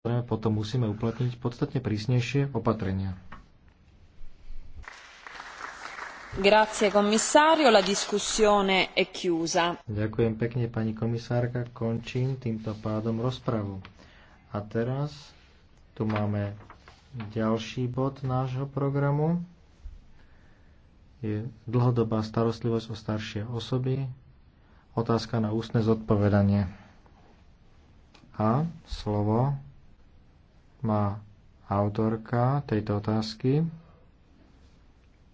potom musíme uplatniť podstatne prísnejšie opatrenia. Grazie commissario, la discussione è chiusa. Ďakujem pekne pani komisárka, končím týmto pádom rozpravu. A teraz tu máme ďalší bod nášho programu. Je dlhodobá starostlivosť o staršie osoby. Otázka na ústne zodpovedanie. A slovo má autorka tejto otázky,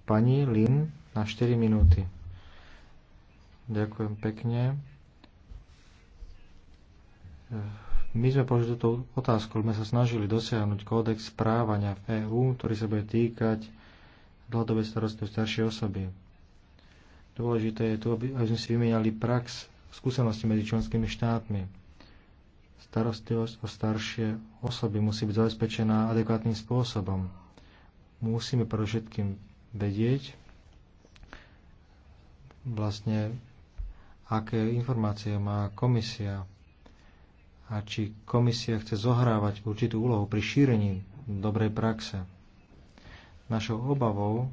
pani Lin, na 4 minúty. Ďakujem pekne. My sme položili túto otázku, sme sa snažili dosiahnuť kódex správania v EÚ, ktorý sa bude týkať dlhodobej starostlivosti staršej osoby. Dôležité je tu, aby sme si vymenali prax skúsenosti medzi členskými štátmi starostlivosť o staršie osoby musí byť zabezpečená adekvátnym spôsobom. Musíme predovšetkým vedieť, vlastne, aké informácie má komisia a či komisia chce zohrávať určitú úlohu pri šírení dobrej praxe. Našou obavou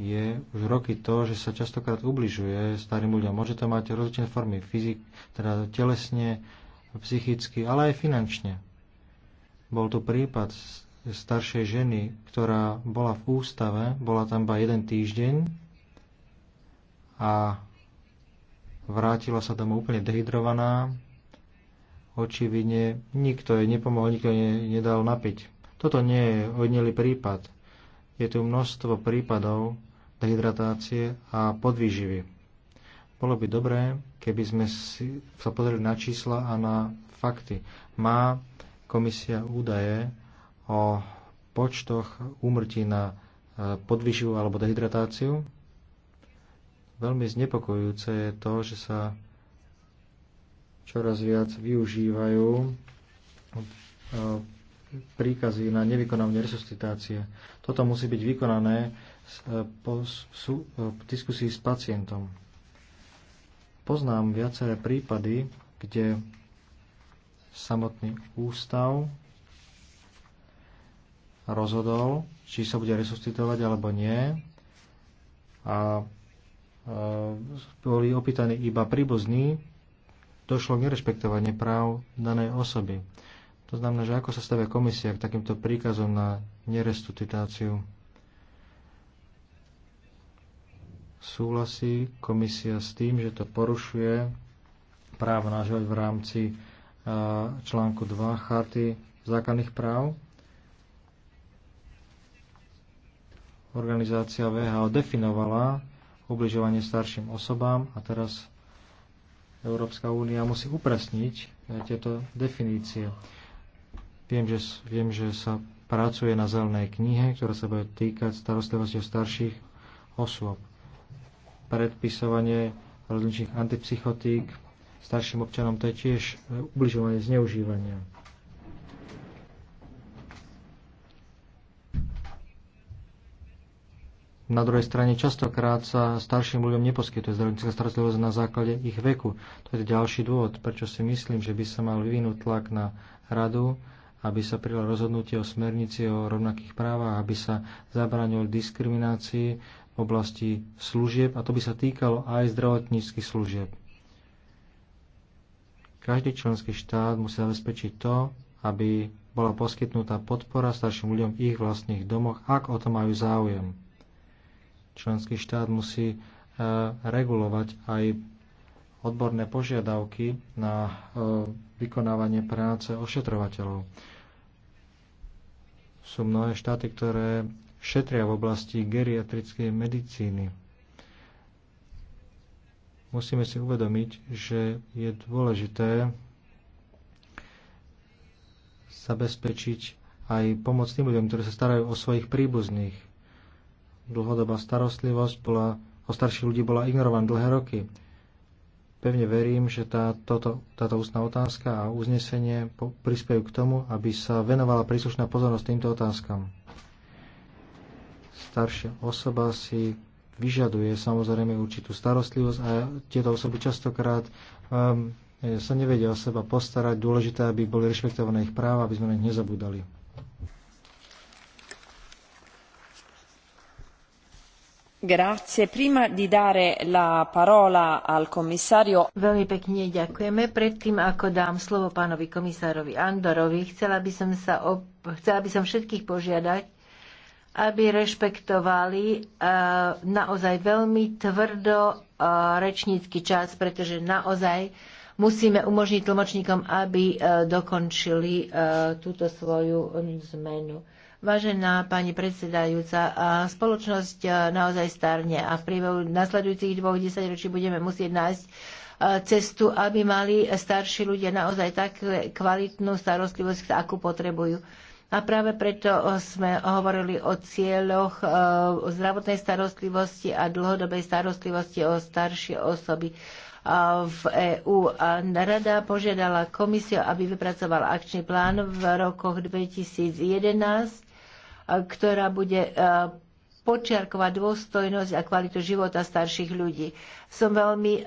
je už roky to, že sa častokrát ubližuje starým ľuďom. Môže to mať rozličné formy fyzik, teda telesne, psychicky, ale aj finančne. Bol tu prípad staršej ženy, ktorá bola v ústave, bola tam iba jeden týždeň a vrátila sa tam úplne dehydrovaná. Očividne nikto jej nepomohol, nikto jej nedal napiť. Toto nie je odnelý prípad. Je tu množstvo prípadov dehydratácie a podvýživy. Bolo by dobré, keby sme si sa pozreli na čísla a na fakty. Má komisia údaje o počtoch úmrtí na e, podvyživu alebo dehydratáciu. Veľmi znepokojujúce je to, že sa čoraz viac využívajú e, príkazy na nevykonávanie resuscitácie. Toto musí byť vykonané e, po diskusii s pacientom. Poznám viaceré prípady, kde samotný ústav rozhodol, či sa bude resuscitovať alebo nie. A e, boli opýtaní iba príbuzní, došlo k nerešpektovaniu práv danej osoby. To znamená, že ako sa stavia komisia k takýmto príkazom na nerestutitáciu? Súhlasí komisia s tým, že to porušuje právo na život v rámci e, článku 2 charty základných práv. Organizácia VHO definovala ubližovanie starším osobám a teraz Európska únia musí upresniť e, tieto definície. Viem že, viem, že sa pracuje na zelenej knihe, ktorá sa bude týkať starostlivosti o starších osôb predpisovanie rozličných antipsychotík starším občanom, to je tiež e, ubližovanie zneužívania. Na druhej strane častokrát sa starším ľuďom neposkytuje zdravotnícka starostlivosť na základe ich veku. To je ďalší dôvod, prečo si myslím, že by sa mal vyvinúť tlak na radu, aby sa prijalo rozhodnutie o smernici o rovnakých právach, aby sa zabránil diskriminácii v oblasti služieb a to by sa týkalo aj zdravotníckých služieb. Každý členský štát musí zabezpečiť to, aby bola poskytnutá podpora starším ľuďom v ich vlastných domoch, ak o to majú záujem. Členský štát musí e, regulovať aj odborné požiadavky na e, vykonávanie práce ošetrovateľov sú mnohé štáty, ktoré šetria v oblasti geriatrickej medicíny. Musíme si uvedomiť, že je dôležité zabezpečiť aj pomoc tým ľuďom, ktorí sa starajú o svojich príbuzných. Dlhodobá starostlivosť bola, o starších ľudí bola ignorovaná dlhé roky. Pevne verím, že tá, toto, táto ústna otázka a uznesenie prispejú k tomu, aby sa venovala príslušná pozornosť týmto otázkam staršia osoba si vyžaduje samozrejme určitú starostlivosť a tieto osoby častokrát um, sa nevedia o seba postarať. Dôležité, aby boli rešpektované ich práva, aby sme na nich nezabúdali. Grazie. Prima di dare la parola al commissario... Veľmi pekne ďakujeme. Predtým, ako dám slovo pánovi komisárovi Andorovi, chcela by som, sa op- chcela by som všetkých požiadať, aby rešpektovali eh, naozaj veľmi tvrdo eh, rečnícky čas, pretože naozaj musíme umožniť tlmočníkom, aby eh, dokončili túto svoju mm, zmenu. Vážená pani predsedajúca, spoločnosť naozaj starne a v priebehu nasledujúcich dvoch desaťročí budeme musieť nájsť cestu, aby mali starší ľudia naozaj tak kvalitnú starostlivosť, akú potrebujú. A práve preto eh, sme hovorili o cieľoch o eh, zdravotnej starostlivosti a dlhodobej starostlivosti o staršie osoby eh, v EÚ. A rada požiadala komisiu, aby vypracovala akčný plán v rokoch 2011, ktorá bude počiarkovať dôstojnosť a kvalitu života starších ľudí. Som veľmi eh,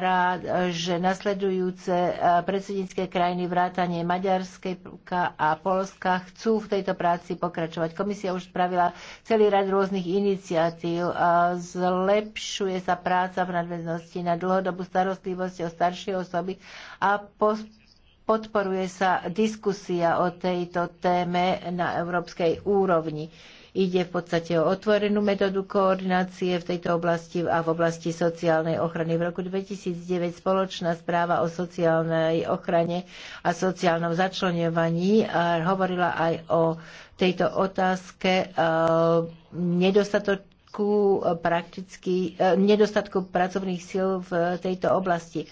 rád, že nasledujúce eh, predsednícke krajiny vrátanie Maďarskej a Polska chcú v tejto práci pokračovať. Komisia už spravila celý rad rôznych iniciatív. Eh, zlepšuje sa práca v nadväznosti na dlhodobú starostlivosť o staršie osoby a podporuje sa diskusia o tejto téme na európskej úrovni. Ide v podstate o otvorenú metódu koordinácie v tejto oblasti a v oblasti sociálnej ochrany. V roku 2009 spoločná správa o sociálnej ochrane a sociálnom začlenovaní hovorila aj o tejto otázke nedostatočnosti nedostatku, prakticky, e, nedostatku pracovných síl v tejto oblasti.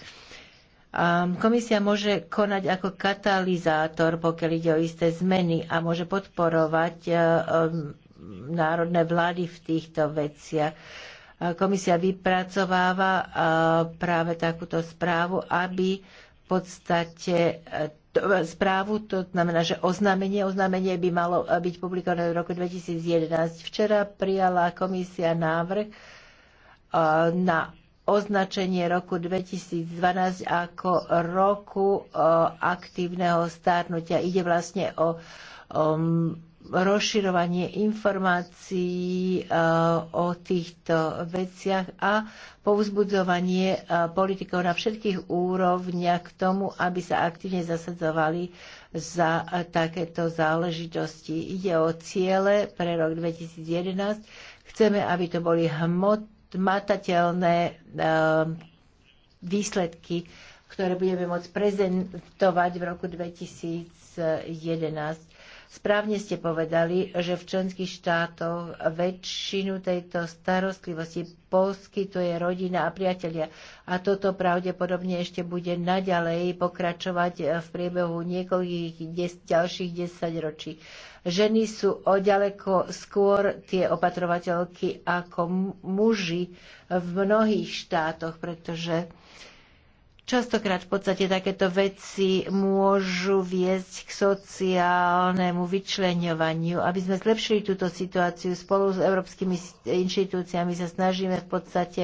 Komisia môže konať ako katalizátor, pokiaľ ide o isté zmeny a môže podporovať e, národné vlády v týchto veciach. Komisia vypracováva práve takúto správu, aby v podstate e, e, správu, to znamená, že oznámenie, oznámenie by malo e, byť publikované v roku 2011. Včera prijala komisia návrh na označenie roku 2012 ako roku aktívneho stárnutia. Ide vlastne o, o rozširovanie informácií e, o týchto veciach a povzbudzovanie e, politikov na všetkých úrovniach k tomu, aby sa aktívne zasadzovali za takéto záležitosti. Ide o ciele pre rok 2011. Chceme, aby to boli hmatateľné e, výsledky, ktoré budeme môcť prezentovať v roku 2011 Správne ste povedali, že v členských štátoch väčšinu tejto starostlivosti poskytuje rodina a priatelia. A toto pravdepodobne ešte bude naďalej pokračovať v priebehu niekoľkých des, ďalších desaťročí. Ženy sú ďaleko skôr tie opatrovateľky ako muži v mnohých štátoch, pretože uh, Častokrát v podstate takéto veci môžu viesť k sociálnemu vyčleňovaniu. Aby sme zlepšili túto situáciu, spolu s európskymi inštitúciami sa snažíme v podstate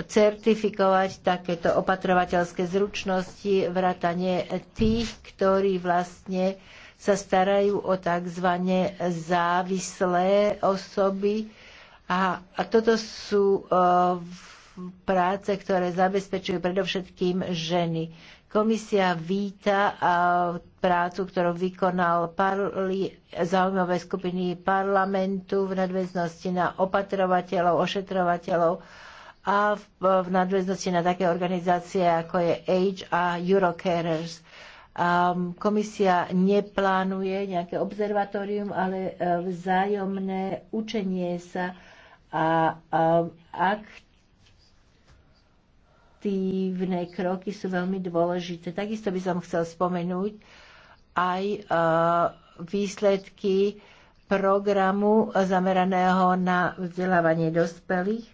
certifikovať takéto opatrovateľské zručnosti, vrátanie tých, ktorí vlastne sa starajú o tzv. závislé osoby. A, a toto sú uh, práce, ktoré zabezpečujú predovšetkým ženy. Komisia víta prácu, ktorú vykonal parli, zaujímavé skupiny parlamentu v nadväznosti na opatrovateľov, ošetrovateľov a v, v nadväznosti na také organizácie, ako je Age a Eurocarers. Um, komisia neplánuje nejaké observatórium, ale e, vzájomné učenie sa a, a ak aktívne kroky sú veľmi dôležité. Takisto by som chcel spomenúť aj e, výsledky programu zameraného na vzdelávanie dospelých.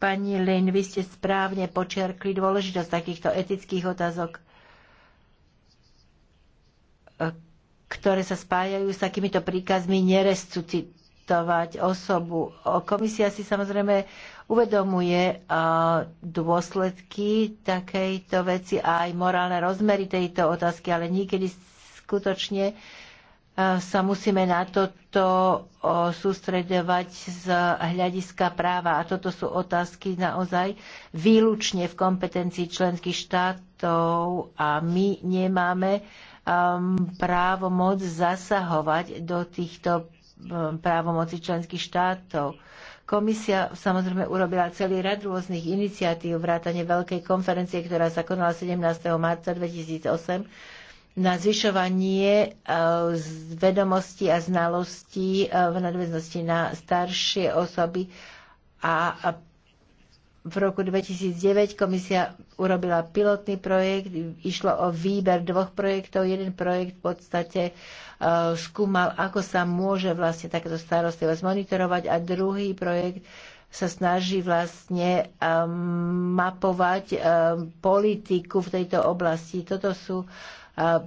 Pani Lin, vy ste správne počerkli dôležitosť takýchto etických otázok, e, ktoré sa spájajú s takýmito príkazmi nerescuti kontaktovať osobu. Komisia si samozrejme uvedomuje dôsledky takejto veci a aj morálne rozmery tejto otázky, ale niekedy skutočne sa musíme na toto sústredovať z hľadiska práva. A toto sú otázky naozaj výlučne v kompetencii členských štátov a my nemáme právo môcť zasahovať do týchto právomoci členských štátov. Komisia samozrejme urobila celý rad rôznych iniciatív, vrátane veľkej konferencie, ktorá sa konala 17. marca 2008 na zvyšovanie e, vedomostí a znalostí e, v nadväznosti na staršie osoby a v roku 2009 komisia urobila pilotný projekt, išlo o výber dvoch projektov. Jeden projekt v podstate uh, skúmal, ako sa môže vlastne takéto starostlivosť monitorovať a druhý projekt sa snaží vlastne um, mapovať um, politiku v tejto oblasti. Toto sú uh,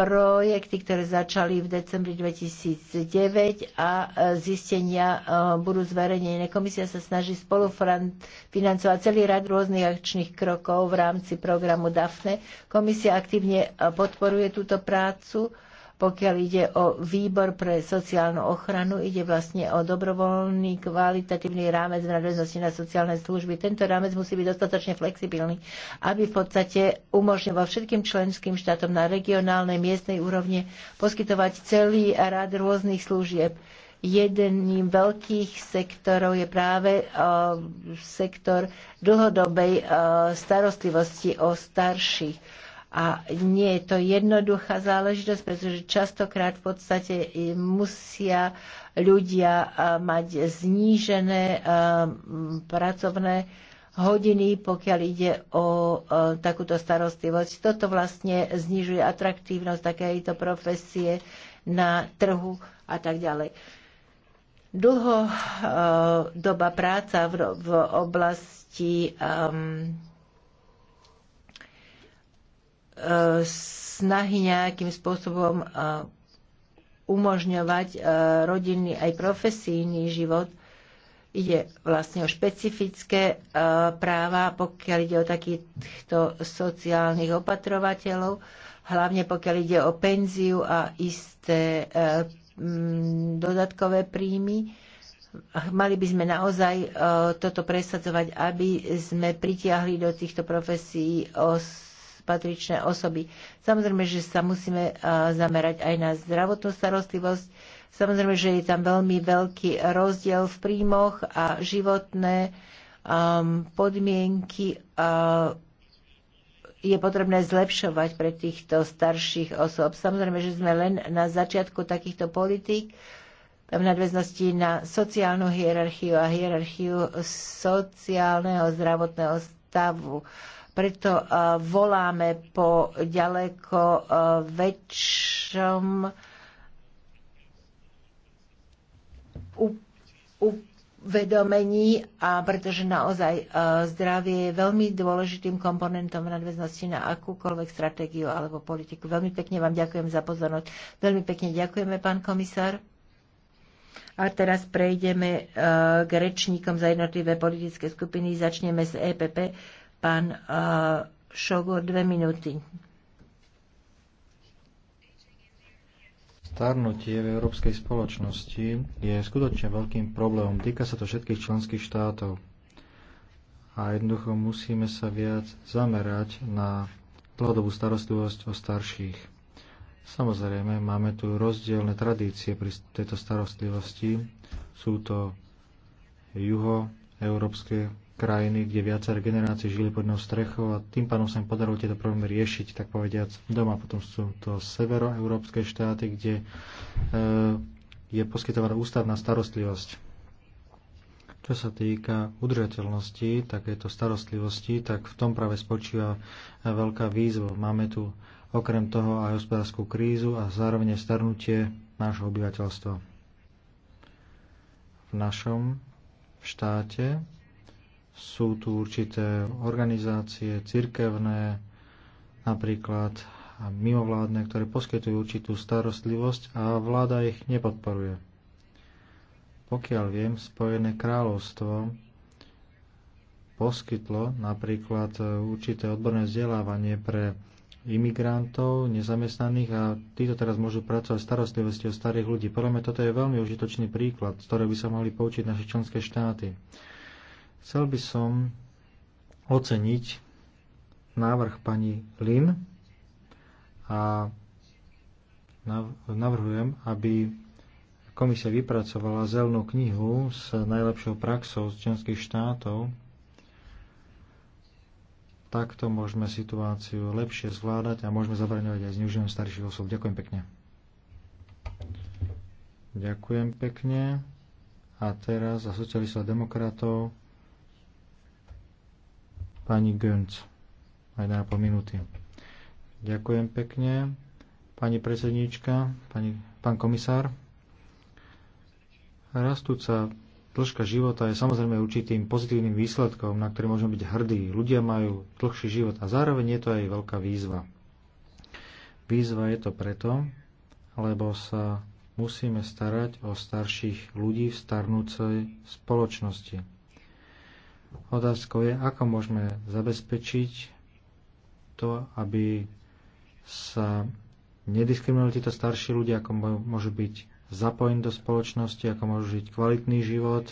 projekty, ktoré začali v decembri 2009 a e, zistenia e, budú zverejnené. Komisia sa snaží spolufinancovať celý rad rôznych akčných krokov v rámci programu DAFNE. Komisia aktívne e, podporuje túto prácu pokiaľ ide o výbor pre sociálnu ochranu, ide vlastne o dobrovoľný kvalitatívny rámec v nadväznosti na sociálne služby. Tento rámec musí byť dostatočne flexibilný, aby v podstate umožňoval všetkým členským štátom na regionálnej, miestnej úrovne poskytovať celý rád rôznych služieb. Jedným veľkých sektorov je práve eh, sektor dlhodobej eh, starostlivosti o starších a nie je to jednoduchá záležitosť, pretože častokrát v podstate musia ľudia mať znížené pracovné hodiny, pokiaľ ide o takúto starostlivosť. Toto vlastne znižuje atraktívnosť takéto profesie na trhu a tak ďalej. Dlho doba práca v, oblasti snahy nejakým spôsobom e, umožňovať e, rodinný aj profesijný život. Ide vlastne o špecifické e, práva, pokiaľ ide o takýchto sociálnych opatrovateľov, hlavne pokiaľ ide o penziu a isté dodatkové príjmy. Mali by sme naozaj toto presadzovať, aby sme pritiahli do týchto profesí os patričné osoby. Samozrejme, že sa musíme zamerať aj na zdravotnú starostlivosť. Samozrejme, že je tam veľmi veľký rozdiel v príjmoch a životné um, podmienky uh, je potrebné zlepšovať pre týchto starších osob. Samozrejme, že sme len na začiatku takýchto politík v nadväznosti na sociálnu hierarchiu a hierarchiu sociálneho zdravotného stavu. Uh, preto e, voláme po ďaleko e, väčšom uvedomení, a pretože naozaj e, zdravie je veľmi dôležitým komponentom v nadväznosti na akúkoľvek stratégiu alebo politiku. Veľmi pekne vám ďakujem za pozornosť. Veľmi pekne ďakujeme, pán komisár. A teraz prejdeme k rečníkom za jednotlivé politické skupiny. Začneme s EPP. Pán eh, Šogo, dve minúty. Starnutie v európskej spoločnosti je skutočne veľkým problémom. Týka sa to všetkých členských štátov. A jednoducho musíme sa viac zamerať na dlhodobú starostlivosť o starších. Samozrejme, máme tu rozdielne tradície pri tejto starostlivosti. Sú to juho európske krajiny, kde viaceré generácie žili pod jednou strechou a tým pádom sa im podarilo tieto problémy riešiť, tak povediac, doma. Potom sú to severoeurópske štáty, kde e, je poskytovaná ústavná starostlivosť. Čo sa týka udržateľnosti takéto starostlivosti, tak v tom práve spočíva e, veľká výzva. Máme tu okrem toho aj hospodárskú krízu a zároveň starnutie nášho obyvateľstva. V našom štáte sú tu určité organizácie cirkevné, napríklad mimovládne, ktoré poskytujú určitú starostlivosť a vláda ich nepodporuje. Pokiaľ viem, Spojené kráľovstvo poskytlo napríklad určité odborné vzdelávanie pre imigrantov, nezamestnaných a títo teraz môžu pracovať starostlivosti o starých ľudí. Podľa mňa toto je veľmi užitočný príklad, z ktorého by sa mohli poučiť naše členské štáty. Chcel by som oceniť návrh pani Lin a navrhujem, aby komisia vypracovala zelenú knihu s najlepšou praxou z členských štátov. Takto môžeme situáciu lepšie zvládať a môžeme zabraňovať aj zneužívaniu starších osôb. Ďakujem pekne. Ďakujem pekne. A teraz za socialistov a demokratov pani Gönc. Aj na po minúty. Ďakujem pekne. Pani predsedníčka, pani, pán komisár. Rastúca dĺžka života je samozrejme určitým pozitívnym výsledkom, na ktorý môžeme byť hrdí. Ľudia majú dlhší život a zároveň je to aj veľká výzva. Výzva je to preto, lebo sa musíme starať o starších ľudí v starnúcej spoločnosti. Otázkou je, ako môžeme zabezpečiť to, aby sa nediskriminovali títo starší ľudia, ako môžu byť zapojení do spoločnosti, ako môžu žiť kvalitný život.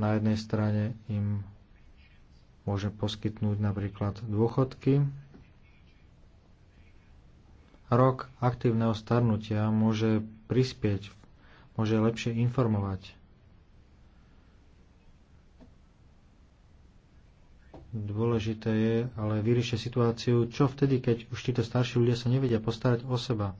Na jednej strane im môže poskytnúť napríklad dôchodky. Rok aktívneho starnutia môže prispieť, môže lepšie informovať Dôležité je ale vyriešiť situáciu, čo vtedy, keď už títo starší ľudia sa nevedia postarať o seba.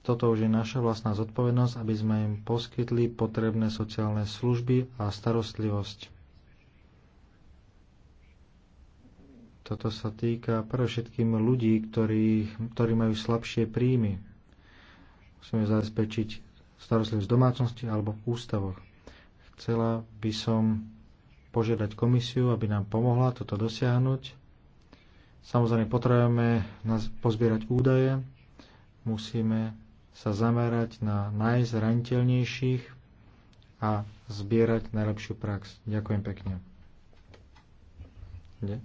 Toto už je naša vlastná zodpovednosť, aby sme im poskytli potrebné sociálne služby a starostlivosť. Toto sa týka predovšetkým ľudí, ktorí, ktorí majú slabšie príjmy. Musíme zabezpečiť starostlivosť v domácnosti alebo v ústavoch. Chcela by som požiadať komisiu, aby nám pomohla toto dosiahnuť. Samozrejme potrebujeme pozbierať údaje, musíme sa zamerať na najzraniteľnejších a zbierať najlepšiu prax. Ďakujem pekne. De?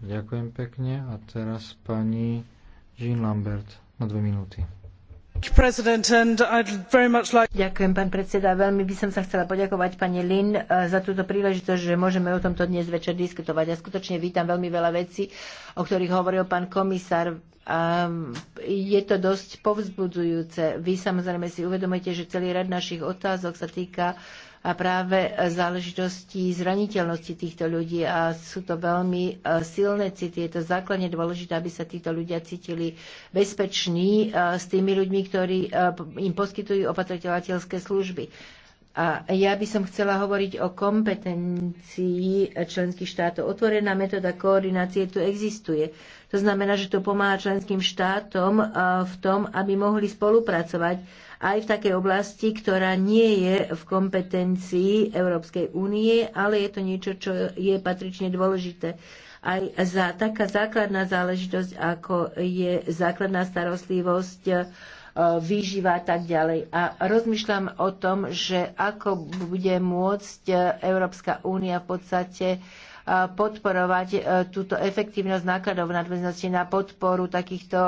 Ďakujem pekne a teraz pani Jean Lambert na dve minúty. Ďakujem, pán predseda. Veľmi by som sa chcela poďakovať pani Lin eh, za túto príležitosť, že môžeme o tomto dnes večer diskutovať. A skutočne vítam veľmi veľa vecí, o ktorých hovoril pán komisár. Ehm, je to dosť povzbudzujúce. Vy samozrejme si uvedomujete, že celý rad našich otázok sa týka a práve záležitosti zraniteľnosti týchto ľudí a sú to veľmi e, silné city. Je to základne dôležité, aby sa títo ľudia cítili bezpeční e, s tými ľuďmi, ktorí e, im poskytujú opatrovateľské služby. A ja by som chcela hovoriť o kompetencii členských štátov. Otvorená metóda koordinácie tu existuje. To znamená, že to pomáha členským štátom v tom, aby mohli spolupracovať aj v takej oblasti, ktorá nie je v kompetencii Európskej únie, ale je to niečo, čo je patrične dôležité aj za taká základná záležitosť, ako je základná starostlivosť, e, výživa a tak ďalej. A rozmýšľam o tom, že ako bude môcť e, Európska únia v podstate e, podporovať túto efektívnosť nákladov v na podporu takýchto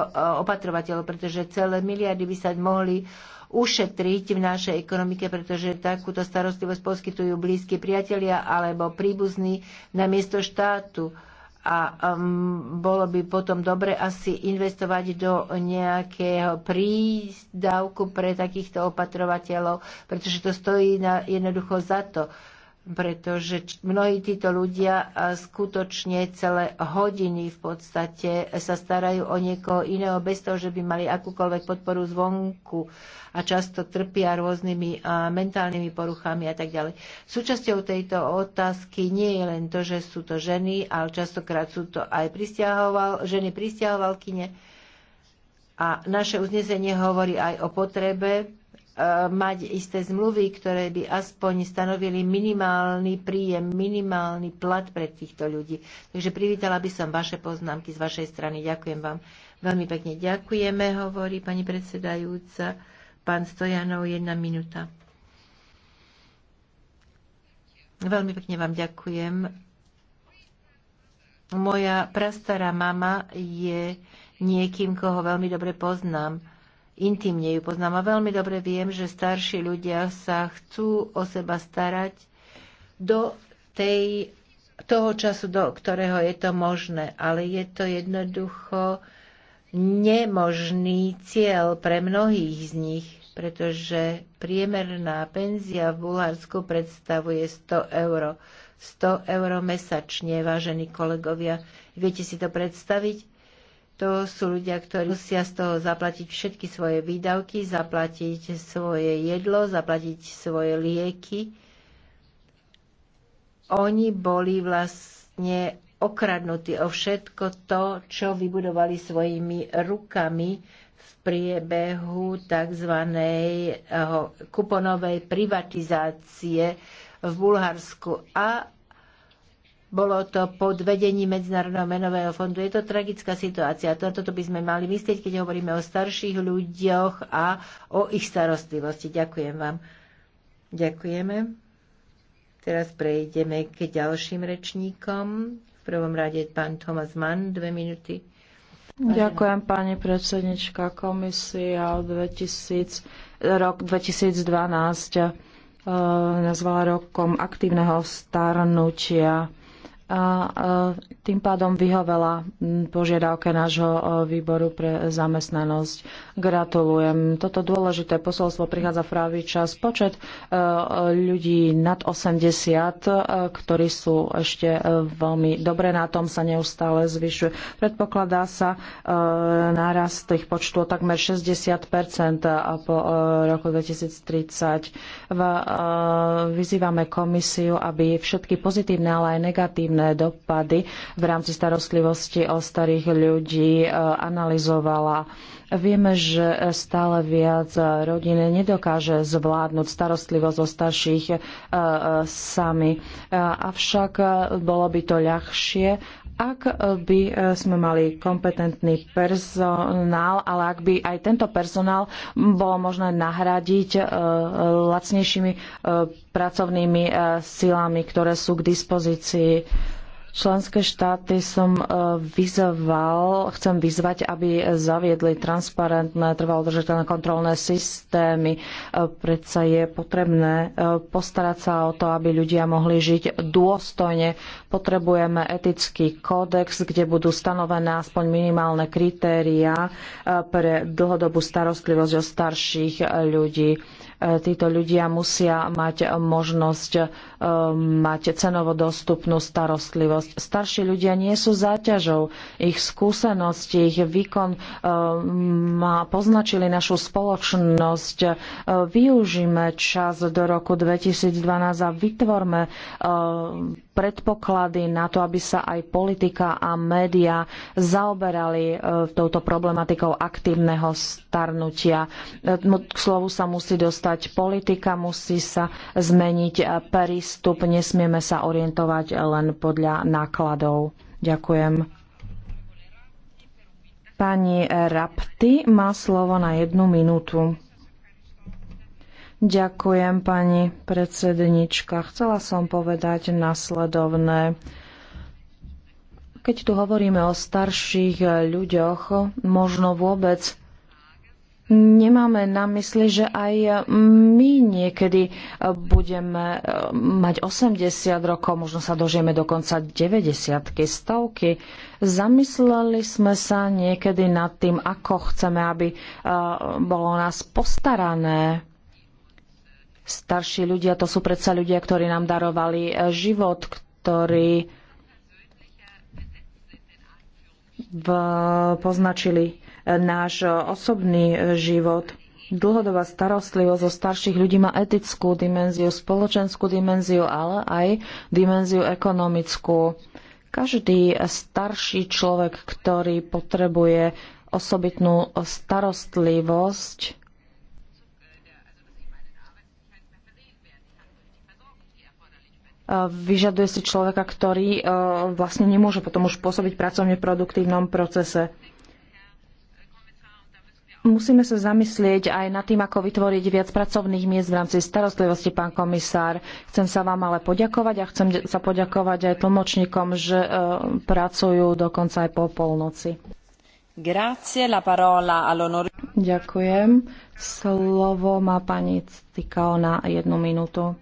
opatrovateľov, pretože celé miliardy by sa mohli ušetriť v našej ekonomike, pretože takúto starostlivosť poskytujú blízki priatelia alebo príbuzní na miesto štátu a um, bolo by potom dobre asi investovať do nejakého prídavku pre takýchto opatrovateľov, pretože to stojí na, jednoducho za to. Uh, pretože mnohí títo ľudia skutočne celé hodiny v podstate sa starajú o niekoho iného bez toho, že by mali akúkoľvek podporu zvonku a často trpia rôznymi mentálnymi poruchami a tak ďalej. Súčasťou tejto otázky nie je len to, že sú to ženy, ale častokrát sú to aj pristiahoval, ženy pristiahovalkyne. A naše uznesenie hovorí aj o potrebe E, mať isté zmluvy, ktoré by aspoň stanovili minimálny príjem, minimálny plat pre týchto ľudí. Takže privítala by som vaše poznámky z vašej strany. Ďakujem vám veľmi pekne. Ďakujeme, hovorí pani predsedajúca. Pán Stojanov, jedna minúta. Veľmi pekne vám ďakujem. Moja prastará mama je niekým, koho veľmi dobre poznám intimne ju poznám a veľmi dobre viem, že starší ľudia sa chcú o seba starať do tej, toho času, do ktorého je to možné, ale je to jednoducho nemožný cieľ pre mnohých z nich, pretože priemerná penzia v Bulharsku predstavuje 100 eur. 100 eur mesačne, vážení kolegovia. Viete si to predstaviť? To sú ľudia, ktorí musia z toho zaplatiť všetky svoje výdavky, zaplatiť svoje jedlo, zaplatiť svoje lieky. Oni boli vlastne okradnutí o všetko to, čo vybudovali svojimi rukami v priebehu tzv. Eh, kuponovej privatizácie v Bulharsku. A bolo to pod vedením Medzinárodného menového fondu. Je to tragická situácia. toto by sme mali myslieť, keď hovoríme o starších ľuďoch a o ich starostlivosti. Ďakujem vám. Ďakujeme. Teraz prejdeme k ďalším rečníkom. V prvom rade pán Thomas Mann, dve minúty. Ďakujem, pani predsednička. Komisia 2000, rok 2012 eh, nazvala rokom aktívneho starnutia a tým pádom vyhovela požiadavke nášho výboru pre zamestnanosť. Gratulujem. Toto dôležité posolstvo prichádza v čas. Počet ľudí nad 80, ktorí sú ešte veľmi dobre na tom, sa neustále zvyšuje. Predpokladá sa nárast tých počtu o takmer 60 po roku 2030. Vyzývame komisiu, aby všetky pozitívne, ale aj negatívne negatívne dopady v rámci starostlivosti o starých ľudí e, analyzovala. Vieme, že stále viac rodín nedokáže zvládnuť starostlivosť o starších e, e, sami. Avšak bolo by to ľahšie, ak eh, by eh, sme mali kompetentný personál, ale ak by aj tento personál bolo možné nahradiť eh, lacnejšími pracovnými silami, ktoré sú k dispozícii, Členské štáty som e, vyzval, chcem vyzvať, aby zaviedli transparentné, trvalo trvalodržateľné kontrolné systémy. E, predsa je potrebné e, postarať sa o to, aby ľudia mohli žiť dôstojne. Potrebujeme etický kódex, kde budú stanovené aspoň minimálne kritériá pre dlhodobú starostlivosť o starších ľudí Títo ľudia musia mať možnosť eh, mať cenovo dostupnú starostlivosť. Starší ľudia nie sú záťažou. Ich skúsenosti, ich výkon eh, poznačili našu spoločnosť. Eh, Využime čas do roku 2012 a vytvorme predpoklady na to, aby sa aj politika a média zaoberali e, touto problematikou aktívneho starnutia. E, no, k slovu sa musí dostať politika, musí sa zmeniť e, prístup, nesmieme sa orientovať len podľa nákladov. Ďakujem. Pani Rapti má slovo na jednu minútu. Ďakujem, pani predsednička. Chcela som povedať nasledovné. Keď tu hovoríme o starších ľuďoch, možno vôbec Nemáme na mysli, že aj my niekedy budeme mať 80 rokov, možno sa dožijeme dokonca 90 stovky. Zamysleli sme sa niekedy nad tým, ako chceme, aby eh, bolo nás postarané Starší ľudia to sú predsa ľudia, ktorí nám darovali e, život, ktorí v, poznačili e, náš osobný e, život. Dlhodobá starostlivosť o starších ľudí má etickú dimenziu, spoločenskú dimenziu, ale aj dimenziu ekonomickú. Každý starší človek, ktorý potrebuje osobitnú starostlivosť, vyžaduje si človeka, ktorý e, vlastne nemôže potom už pôsobiť pracovne v produktívnom procese. Musíme sa zamyslieť aj nad tým, ako vytvoriť viac pracovných miest v rámci starostlivosti, pán komisár. Chcem sa vám ale poďakovať a chcem sa poďakovať aj tlmočníkom, že e, pracujú dokonca aj po polnoci. Grazie, la parola Ďakujem. Slovo má pani Stikao na jednu minútu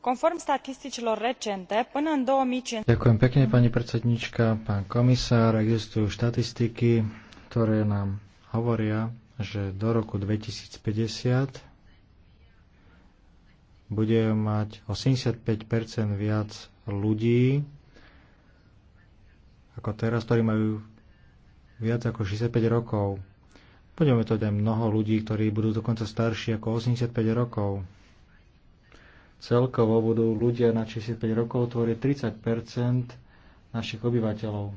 conform statisticilor recente, până în două Ďakujem pekne, pani pán komisár. Existujú štatistiky, ktoré nám hovoria, že do roku 2050 bude mať 85 viac ľudí ako teraz, ktorí majú viac ako 65 rokov. Budeme to aj mnoho ľudí, ktorí budú dokonca starší ako 85 rokov. Celkovo budú ľudia na 65 rokov tvoriť 30 našich obyvateľov.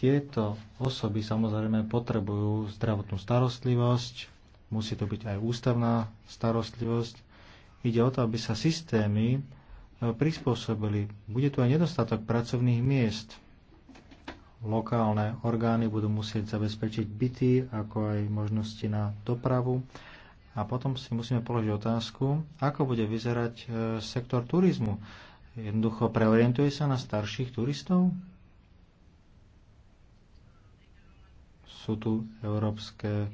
Tieto osoby samozrejme potrebujú zdravotnú starostlivosť, musí to byť aj ústavná starostlivosť. Ide o to, aby sa systémy e, prispôsobili. Bude tu aj nedostatok pracovných miest. Lokálne orgány budú musieť zabezpečiť byty, ako aj možnosti na dopravu a potom si musíme položiť otázku, ako bude vyzerať e, sektor turizmu. Jednoducho preorientuje sa na starších turistov? Sú tu európske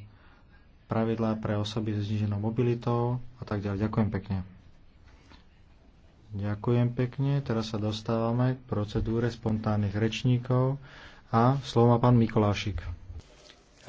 pravidlá pre osoby s zniženou mobilitou a tak ďalej. Ďakujem pekne. Ďakujem pekne. Teraz sa dostávame k procedúre spontánnych rečníkov a slovo má pán Mikolášik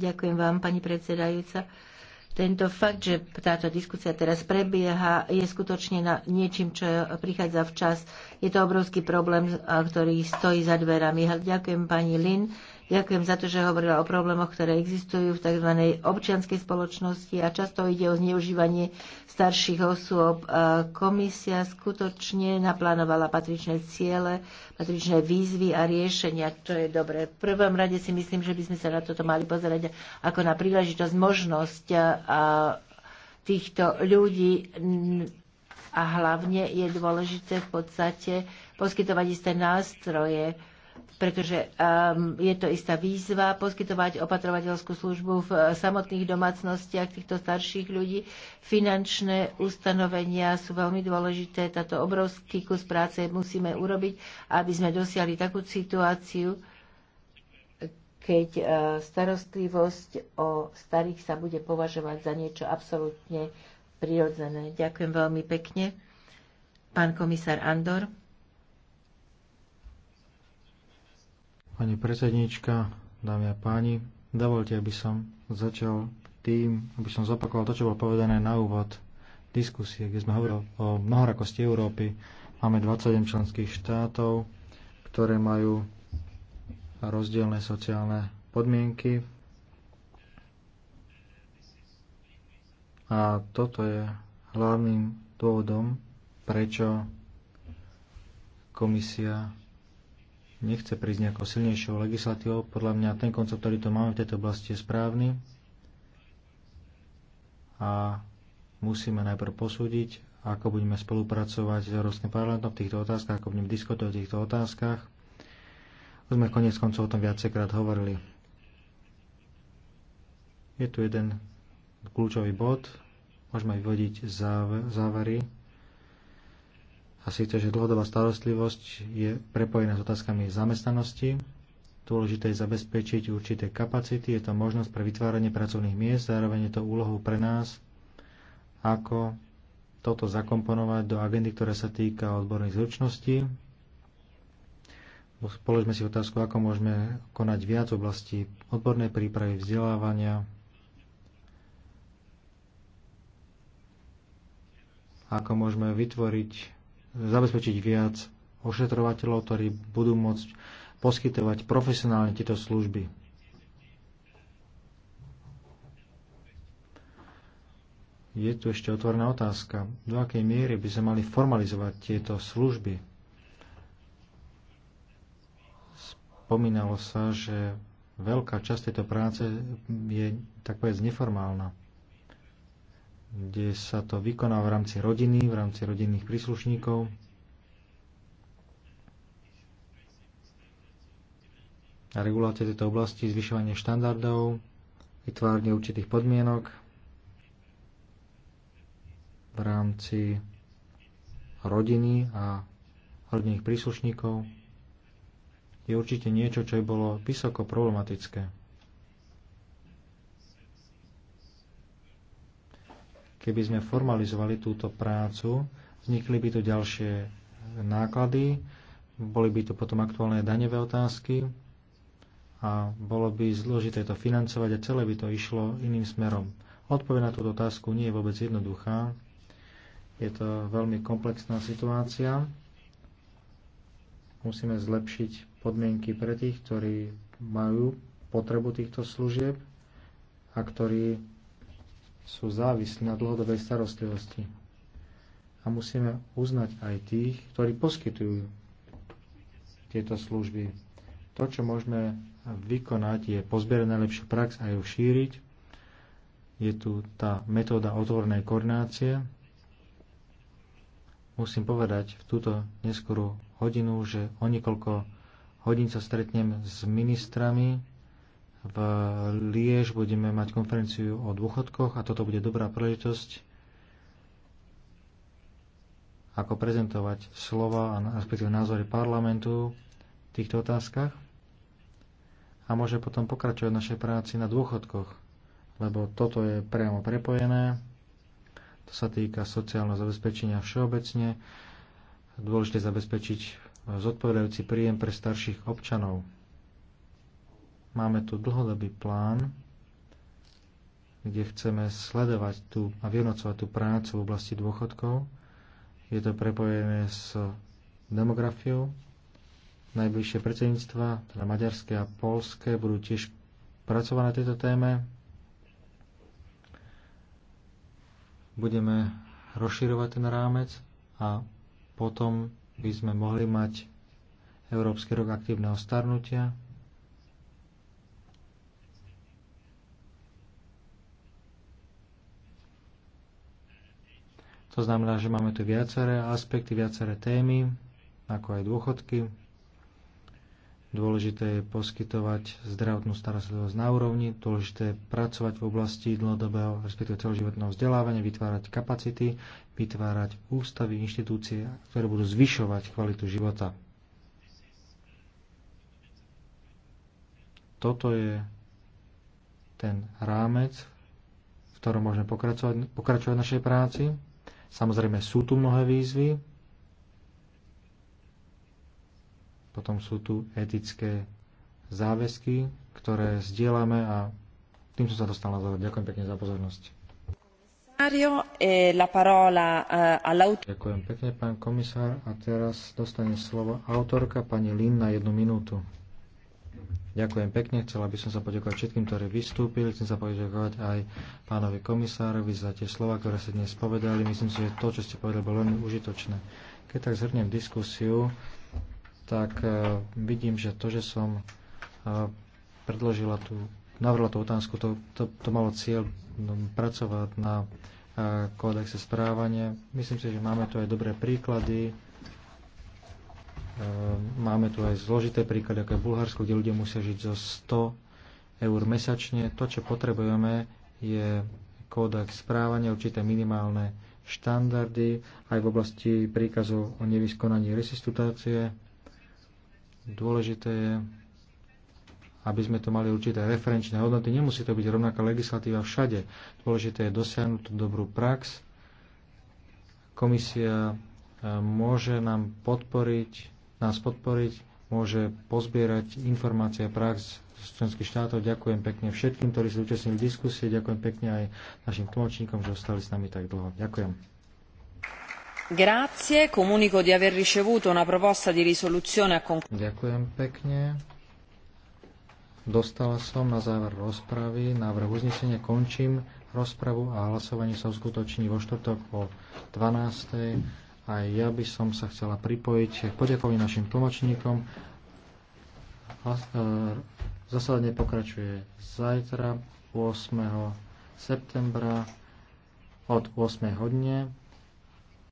Ďakujem vám, pani predsedajúca. Tento fakt, že táto diskusia teraz prebieha, je skutočne na niečím, čo prichádza včas. Je to obrovský problém, ktorý stojí za dverami. Ďakujem pani Lin Ďakujem za to, že hovorila o problémoch, ktoré existujú v tzv. občianskej spoločnosti a často ide o zneužívanie starších osôb. Komisia skutočne naplánovala patričné ciele, patričné výzvy a riešenia, čo je dobré. V prvom rade si myslím, že by sme sa na toto mali pozerať ako na príležitosť, možnosť týchto ľudí a hlavne je dôležité v podstate poskytovať isté nástroje, pretože um, je to istá výzva poskytovať opatrovateľskú službu v eh, samotných domácnostiach týchto starších ľudí. Finančné ustanovenia sú veľmi dôležité. Táto obrovský kus práce musíme urobiť, aby sme dosiahli takú situáciu, keď uh, starostlivosť o starých sa bude považovať za niečo absolútne prirodzené. Ďakujem veľmi pekne. Pán komisár Andor. Pani predsedníčka, dámy a páni, dovolte, aby som začal tým, aby som zopakoval to, čo bolo povedané na úvod diskusie, kde sme hovorili o mnohorakosti Európy. Máme 27 členských štátov, ktoré majú rozdielne sociálne podmienky. A toto je hlavným dôvodom, prečo komisia nechce prísť nejakou silnejšou legislatívou. Podľa mňa ten koncept, ktorý tu máme v tejto oblasti, je správny a musíme najprv posúdiť, ako budeme spolupracovať s Európskym parlamentom v týchto otázkach, ako budeme diskutovať o týchto otázkach. Už sme konec koncov o tom viacejkrát hovorili. Je tu jeden kľúčový bod, môžeme vyvodiť závery a síce, že dlhodobá starostlivosť je prepojená s otázkami zamestnanosti. Dôležité je zabezpečiť určité kapacity, je to možnosť pre vytváranie pracovných miest, zároveň je to úlohou pre nás, ako toto zakomponovať do agendy, ktorá sa týka odborných zručností. Položme si otázku, ako môžeme konať viac v oblasti odbornej prípravy, vzdelávania, ako môžeme vytvoriť zabezpečiť viac ošetrovateľov, ktorí budú môcť poskytovať profesionálne tieto služby. Je tu ešte otvorená otázka. Do akej miery by sme mali formalizovať tieto služby? Spomínalo sa, že veľká časť tejto práce je tak povedz neformálna kde sa to vykoná v rámci rodiny, v rámci rodinných príslušníkov. A regulácia tejto oblasti, zvyšovanie štandardov, vytváranie určitých podmienok v rámci rodiny a rodinných príslušníkov je určite niečo, čo je bolo vysoko problematické. Keby sme formalizovali túto prácu, vznikli by tu ďalšie náklady, boli by tu potom aktuálne daňové otázky a bolo by zložité to financovať a celé by to išlo iným smerom. Odpoveď na túto otázku nie je vôbec jednoduchá. Je to veľmi komplexná situácia. Musíme zlepšiť podmienky pre tých, ktorí majú potrebu týchto služieb a ktorí sú závislí na dlhodobej starostlivosti. A musíme uznať aj tých, ktorí poskytujú tieto služby. To, čo môžeme vykonať, je pozbierať najlepšiu prax a ju šíriť. Je tu tá metóda otvornej koordinácie. Musím povedať v túto neskorú hodinu, že o niekoľko hodín sa stretnem s ministrami v Liež budeme mať konferenciu o dôchodkoch a toto bude dobrá príležitosť ako prezentovať slova a respektíve názory parlamentu v týchto otázkach a môže potom pokračovať našej práci na dôchodkoch, lebo toto je priamo prepojené, to sa týka sociálneho zabezpečenia všeobecne, dôležité zabezpečiť zodpovedajúci príjem pre starších občanov. Máme tu dlhodobý plán, kde chceme sledovať tú a vyhodnocovať tú prácu v oblasti dôchodkov. Je to prepojené s demografiou. Najbližšie predsedníctva, teda maďarské a polské, budú tiež pracovať na tejto téme. Budeme rozširovať ten rámec a potom by sme mohli mať Európsky rok aktívneho starnutia. To znamená, že máme tu viaceré aspekty, viaceré témy, ako aj dôchodky. Dôležité je poskytovať zdravotnú starostlivosť na úrovni, dôležité je pracovať v oblasti dlhodobého, respektíve celoživotného vzdelávania, vytvárať kapacity, vytvárať ústavy, inštitúcie, ktoré budú zvyšovať kvalitu života. Toto je ten rámec, v ktorom môžeme pokračovať, pokračovať našej práci. Samozrejme sú tu mnohé výzvy, potom sú tu etické záväzky, ktoré zdieľame a tým som sa dostal na záver. Ďakujem pekne za pozornosť. Eh, eh, Ďakujem pekne, pán komisár. A teraz dostane slovo autorka pani Lin na jednu minútu. Ďakujem pekne, chcela by som sa poďakovať všetkým, ktorí vystúpili, chcem sa poďakovať aj pánovi komisárovi za tie slova, ktoré ste dnes povedali. Myslím si, že to, čo ste povedali, bolo veľmi užitočné. Keď tak zhrnem diskusiu, tak e, vidím, že to, že som e, predložila tú, navrhla tú otázku, to, to, to malo cieľ no, pracovať na e, kódexe správania. Myslím si, že máme tu aj dobré príklady, Ehm, máme tu aj zložité príklady, ako je Bulharsko, kde ľudia musia žiť zo 100 eur mesačne. To, čo potrebujeme, je kódex správania, určité minimálne štandardy, aj v oblasti príkazov o nevyskonaní resistutácie. Dôležité je, aby sme to mali určité referenčné hodnoty. Nemusí to byť rovnaká legislatíva všade. Dôležité je dosiahnuť dobrú prax. Komisia ehm, môže nám podporiť nás podporiť, môže pozbierať informácie a prax z členských štátov. Ďakujem pekne všetkým, ktorí sa účastnili v diskusie. Ďakujem pekne aj našim tlmočníkom, že ostali s nami tak dlho. Ďakujem. Grazie, comunico di aver ricevuto una proposta di risoluzione a conclusione. Ďakujem pekne. Dostala som na záver rozpravy návrh uznesenia. Končím rozpravu a hlasovanie sa uskutoční vo štvrtok o 12. Aj ja by som sa chcela pripojiť k poďakovi našim tlmočníkom. E, zasadanie pokračuje zajtra 8. septembra od 8. hodine.